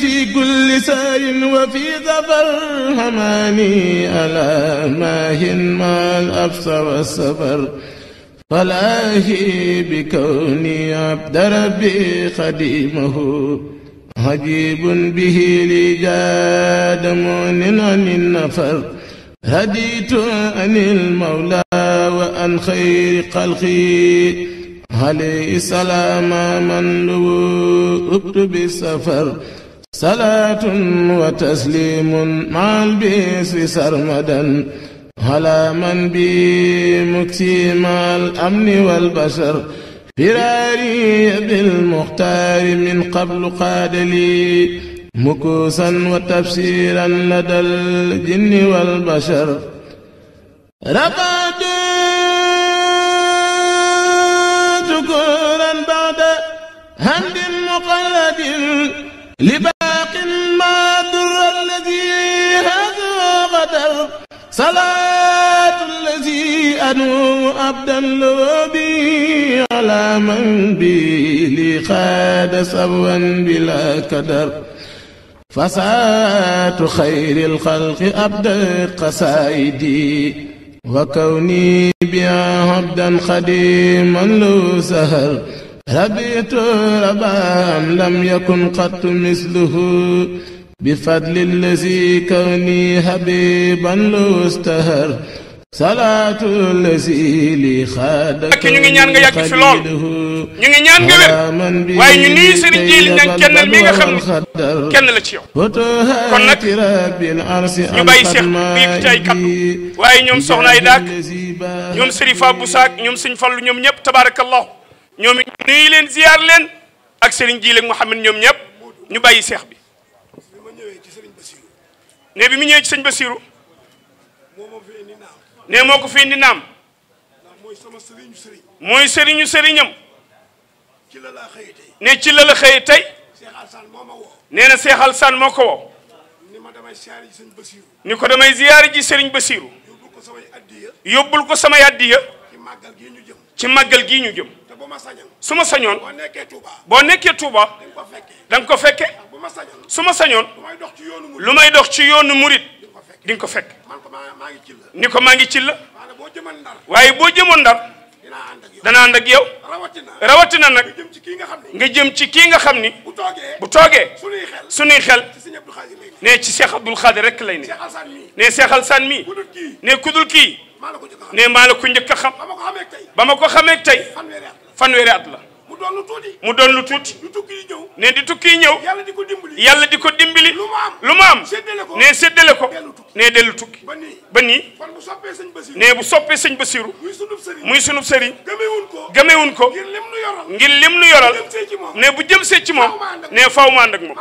في كل سار وفي ظفر حماني ألا ماهن ما الأبصر والسفر فلاهي بكوني عبد ربي خديمه عجيب به لي جاد مؤن عن النفر هديت عن المولى وعن خير خلقي عليه السلام من لو اكتب السفر salaatun wa tasliimun maal biis wi sarmadan ala man bi muksimaal amni wal bashar firaari bil muxtaari min qablu qaadali mukuusan wa tafsiiran ladal jinni wal bashar rabaatu salaatu lazi anu abdan loo bi ala man bi li xaada sabwan bila kadar fasaatu xayril xalqi abdat qasaayidi wa kawni bi abdan xadiman loo sahar rabitu rabam lam yakun qattu misluhu بفضل الذي كوني حبيبا لو استهر salaatu li xaada ak ñu ngi ñaan nga yàgg fi lool ñu ngi ñaan nga wér waaye ñu nii sëriñ Jili ñaan xam ne kenn waaye ñoom soxna ay daak ñoom sëriñ Fa Busaak ñoom sëñ Fallu ñoom ñëpp tabaarakallahu ñoom ñu nuyu leen ziyaar leen ne bi mu ñëwee ci sëñ Basiru ne moo ko fi indi naam mooy sëriñu sëriñam ne ci la la xëy tey nee na Seex Alsaan moo ko woo ni ko damay ziyaari ji sëriñ Basiru yóbbul ko samay addiya ci màggal gii ñu jëm su ma sañoon boo nekkee Touba da nga ko fekke su ma sañoon lu may dox ci yoonu murit di nga ko fekk ni ko maa ngi ci la waaye boo jëmoon ndar dana ànd ak yow rawatina nag nga jëm ci kii nga xam ni bu toogee su sunuy xel ne ci Cheikh Abdoul Khadir rek lay ne ne Cheikh Alassane mii ne kudul kii ne maa la ko njëkk a xam ba ma ko xamee tey fanweeri at la doon lu mu doon lu tuuti. di tukki ñëw. ne di tukki ñëw. yàlla di ko dimbali. yàlla di ko dimbali. lu ma am lu ma am. ko ne séddale ko. ne dellu tukki. ba nii ba nii. kon bu soppee sëñ Basiru. ne bu soppee sëñ Basiru. muy sunub sëriñ. muy sunub sëriñ. gëmewuñ ko. gëmewuñ ko. ngir lim nu yoral. ngir lim nu bu jëm see ci moom. ne faaw ma ànd ak moom.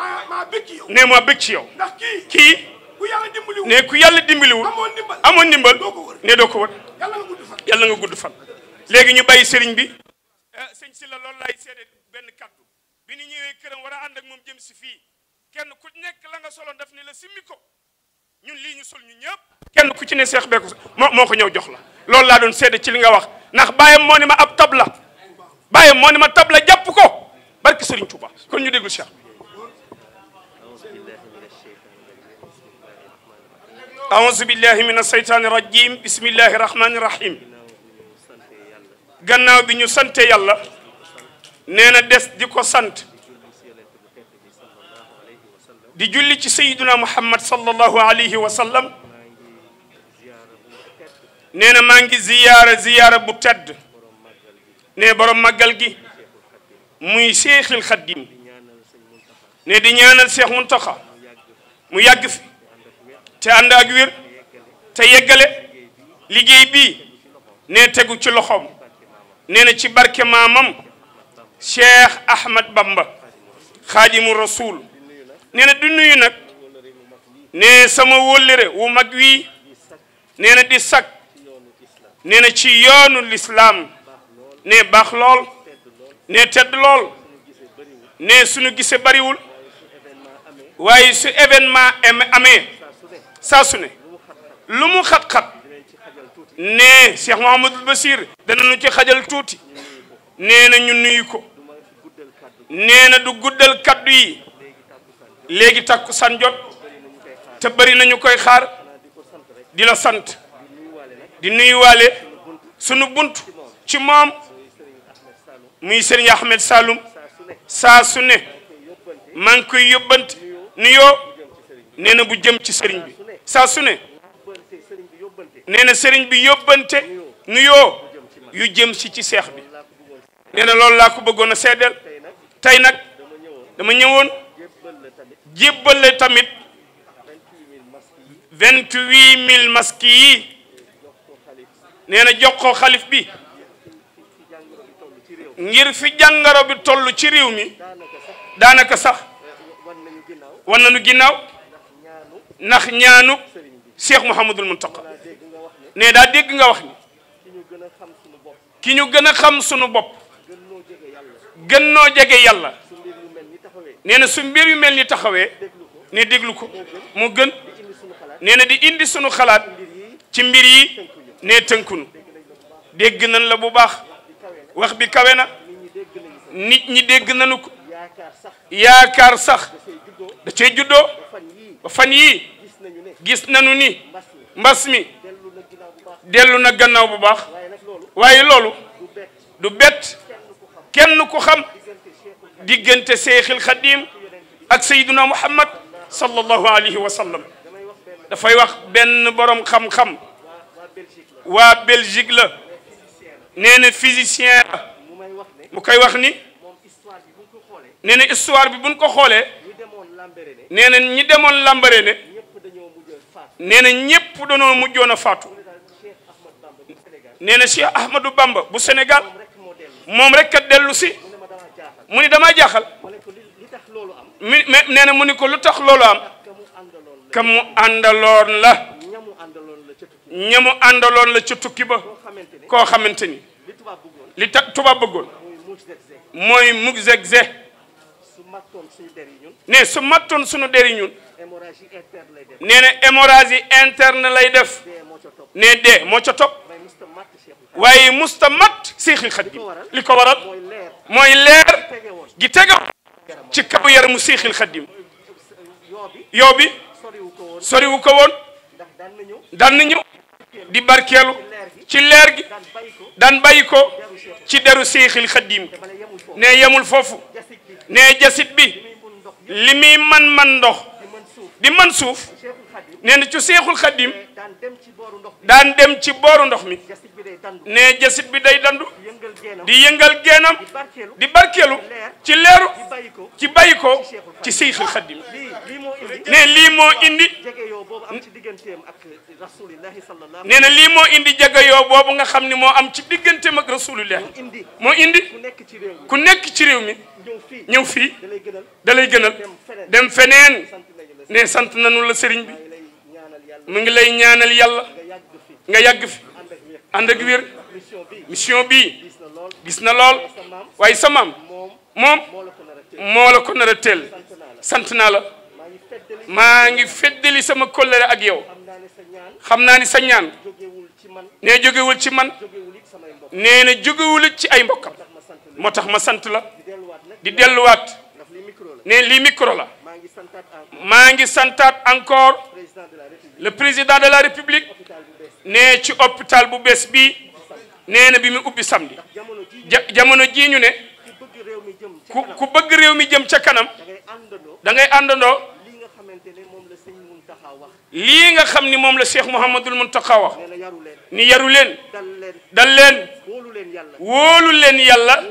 ne ma bëgg ci yow. ndax kii. ne ku yàlla dimbaliwul. amoon ndimbal ne doo ko wër. yàlla nga gudd fan léegi ñu bàyyi sëriñ bi Eh, sëñ si la loolu lay seede benn kaddu bi ni ñëwee këram war a ànd ak moom jëm fii kenn ku nekk la nga soloon daf ne la simmi ko ñun lii ñu sol ñu ñëpp kenn ku ci ne seex beeku moo moo ko ñëw jox la loolu laa doon seede ci li nga wax ndax bàyyam moo ni ma ab tabla bàyyam moo ni ma tabla jàpp ko barki ñu déglu seex أعوذ بالله من الشيطان الرجيم بسم الله الرحمن الرحيم gannaaw bi ñu sante yàlla nee na des di ko sant di julli ci sayyiduna muhammad sallallahu alayhi wa sallam nee na maa ziyaara ziyaara bu tedd ne màggal gi muy seexil xaddim ne di ñaanal seex muntaxa mu yàgg te ànd ak te yeggale liggéey bii ne tegu ci loxoom nee na ci barke maamam Cheikh Ahmad Bamba xaadimu rasul nee na du nuyu nee sama wóllëre wu mag wii nee na di sag nee na ci yoonu lislaam nee baax lool nee tedd lool nee suñu gise bariwul waaye su événement amee saa su xat-xat nee Cheikh Mouhamadul Basir danañu ci xajal tuuti nee na ñu nuyu ko nee na du guddal kaddu yi léegi takku san jot te bëri nañu koy xaar di la sant di nuyuwaale sunu bunt ci moom muy Serigne Ahmed Saloum saa su ne maa ngi koy yóbbante nuyoo nee na bu jëm ci sëriñ bi saa su ne nee na sëriñ bi yóbbante nuyoo yu jëm si ci seex bi nee na loolu laa ko bëggoon a seddeel tey nag dama ñëwoon jébbale tamit vingt-huit mille masques yi nee na jox ko xalif bi ngir fi jàngaro bi toll ci réew mi daanaka sax wan nañu ginnaaw ndax ñaanu Cheikh Mouhamadul Mountakha ne daa dégg nga wax ni ki ñu gën a xam sunu bopp gën noo jege yàlla gën nee na su mbir yu mel ni taxawee ne déglu ko mu gën nee na di indi sunu xalaat ci mbir yi ne tënkunu dégg nañ la bu baax wax bi kawe na nit ñi dégg nañu ko yaakaar sax da cay juddoo fan yii gis nañu ni mbas mi dellu na gannaaw bu baax waaye loolu du bett kenn ko xam diggante Seexil Xadiim ak Seydina Muhammad sallallahu alayhi wa sallam dafay wax benn borom xam-xam waa Belgique la nee na physicien la mu koy wax ni nee na histoire bi buñ ko xoolee nee na ñi demoon Lambaréné nee na ñëpp danoo mujjoon a faatu neena na Cheikh Ahmadou Bamba bu Sénégal moom rek a dellu si mu ni damaa jaaxal mi nee na mu ni ko lu tax loolu am ka mu àndaloon la ñamu àndaloon la ca tukki ba koo xamante ni li ta tubaab bëggoon mooy mug zegze ne su mattoon suñu deri ñun nee na interne lay def ne dee moo ca topp waaye musta mat seexil xadim li ko waral mooy leer gi tege ci kaw yaramu seexil xadim yoo bi soriwu ko woon daan na ñëw di barkeelu ci leer gi dan bàyyi ko ci deru seexil xadim ne yemul foofu ne jasit bi li muy man man ndox di man suuf nee na ci seexul xadim daan dem ci booru ndox mi ne jësit bi day dandu di yëngal geenam di barkeelu ci leeru ci bàyyi ko ci seyxul xaddim ne lii moo indi nee na lii moo indi jagayoo boobu nga xam ni moo am ci digganteem ak rasulullah moo indi ku nekk ci réew mi ñëw fii da lay gënal dem feneen ne sant nañu la sëriñ bi mu ngi lay ñaanal yàlla nga yàgg fi ànd ak wér mission bii gis na lool waaye sa maam moom moo la ko nar a teel sant naa la maa ngi feddali sama kóllëre ak yow xam naa ni sa ñaan nee jogewul ci man nee na jógewul ci ay mbokkam moo tax ma sant la di delluwaat ne lii micro la maa ngi santaat encore le président de la république nee ci hôpital bu bees bi nee na bi mu ubbi samedi ja jamono jii ñu ne ku ku bëgg réew mi jëm ca kanam da ngay àndandoo lii nga xam ni moom la Cheikh Mouhamadul Mountakha wax ni yaru leen dal leen wóolu leen yàlla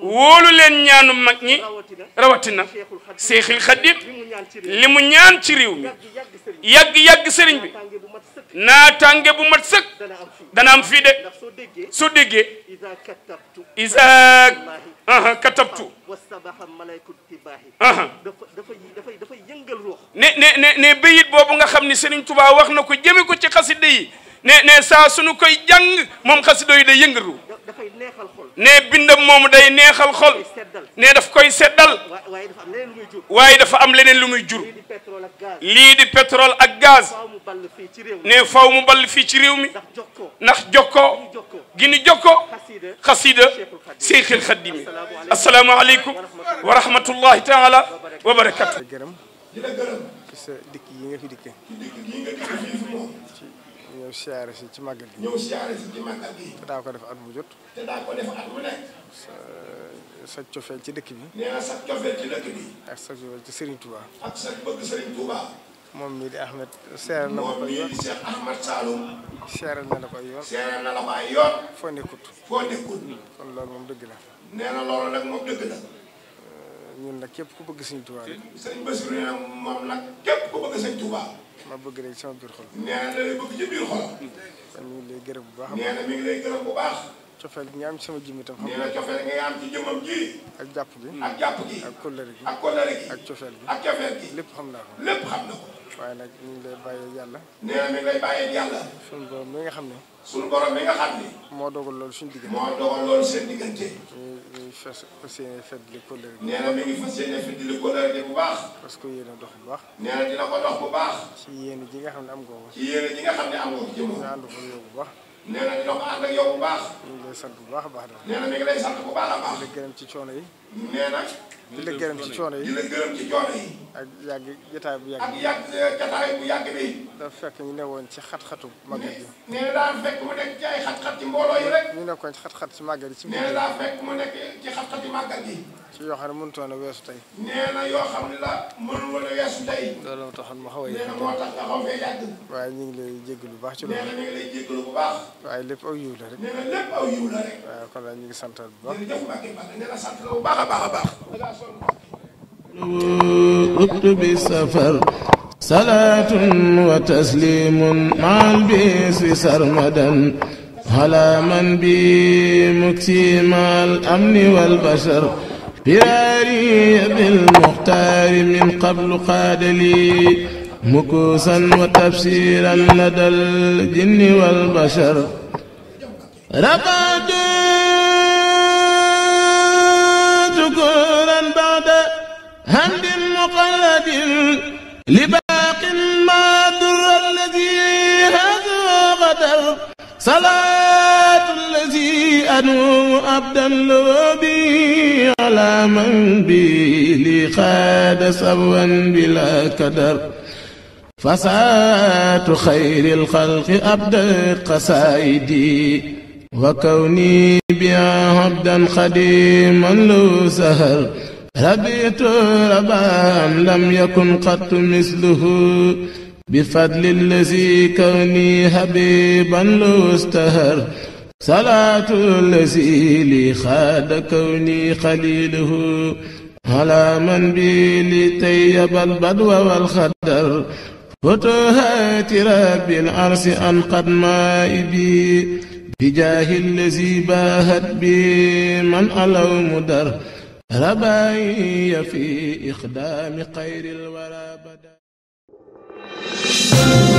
wóolu leen ñaanu mag ñi rawatina Cheikhul Khadim li mu ñaan ci réew mi yàgg yàgg sëriñ bi. naataange bu mat sëkk dana am fii de soo déggee isa katabtu ne ne ne ne bayit boobu nga xam ni Serigne Touba wax na ko jëme ko ci xasida yi ne ne saa suñu koy jàng moom xasida yi day yëngaru ne bindam moom day neexal xol ne daf koy seddal waaye dafa am leneen lu muy jur lii di pétrole ak gaz ne faw mu ball fii ci réew mi ndax jokkoo gi ni jokkoo xasida Seexul Xaadimi asalaamaaleykum wa rahmatullahi taala wa barakatu. di la gërëm ci sa dikk yi nga fi dikkee. ci dikk yi nga fi moom. ñëw siyaare si ci màggal bi ñëw siyaare si ci màggal gi. te daa ko def at mu jot. te daa ko def at mu nekk. sa sa cofeel ci dëkk bi. nee na sa cofeel ci dëkk bi. ak sa cofeel ci sa bëgg Serigne Touba. dëgg la. nee na nag moom nag képp ku bëgg Serigne Touba. ma bëgg rek sama biir xol. nee na li bëgg ci biir xol. kon ñu lay gërëm bu baax. nee na mi ngi lay gërëm bu baax. cofeel gi nga am sama jëmm itam. nee na cofeel nga am ci jëmmam ji. ak jàpp gi. ak jàpp gi. ak cofeel gi. lépp xam naa ko. waaye nag ñu ngi lay bàyyee yàlla. nee na mi ngi lay bàyyee yàlla. suñu borom mi nga xam ne. suñu borom mi nga xam ne. moo dogal loolu suñu diggante. moo dogal loolu seen diggante. ñu ngi fas fas yéene feddali kóllëre. nee na mi ngi fas yéene feddali kóllëre bu baax. parce que yéen a dox bu baax. nee na dina ko dox bu baax. ci yéen ji nga xam ne am nga ko. ci yéen ji nga xam ne am nga ko jëmoo. ñu ànd ko yow bu baax. nee na dina ko ànd ak yow bu baax. ñu ngi lay sant bu baax a baax. nee na mi ngi lay sant bu baax a baax. di la gërëm ci coono yi nee na. gërëm ci coono yi ak yàgg jotaay bu yàgg. ak yàgg eh, jotaay bu yàgg bi. dafa fekk ñu newoon ci xat-xatu màggal gi. nee na fekk mu nekk ci xat-xat ci mbooloo yi rek. ñu nekkoon ci xat-xat ci màggal gi. nee na daa fekk mu nekk ci xat-xat ci màggal gi. yoo xam ne mënutoon a weesu tey. nee na yoo xam ne la mënul woon a weesu tey. loolu moo taxoon ma xaw a xaw fee yàgg. waaye ñu ngi lay jéggalu lu baax ci loolu. nee na ñu ngi lay jéggalu waaye lépp aw yiw la la ñu ngi baax. jërëjëf sant a baax a baax uktubi safar salaatun wa taslimun maal bisi sarmadan ala man bi muksimal amni wal bashar biraari bil muxtaari min qablu qaadali mukuusan wa tafsiran ladal jinni wal bashar rabaatu لباق ما در الذي هذا غدر صلاة الذي أنوم أبدا لبي على من بي لي خاد سبوا بلا كدر فساة خير الخلق أبدت قصائدي وكوني بها عبدا خديما لو سهر ربيت ربا لم يكن قط مثله بفضل الذي كوني حبيبا لو استهر صلاة الذي لي خاد كوني خليله على من بي لطيب البدو والخدر فتوهات رب العرش أنقد مائبي بجاه الذي باهت بي من ألو مدر رباعي في إخدام خير الورى بدا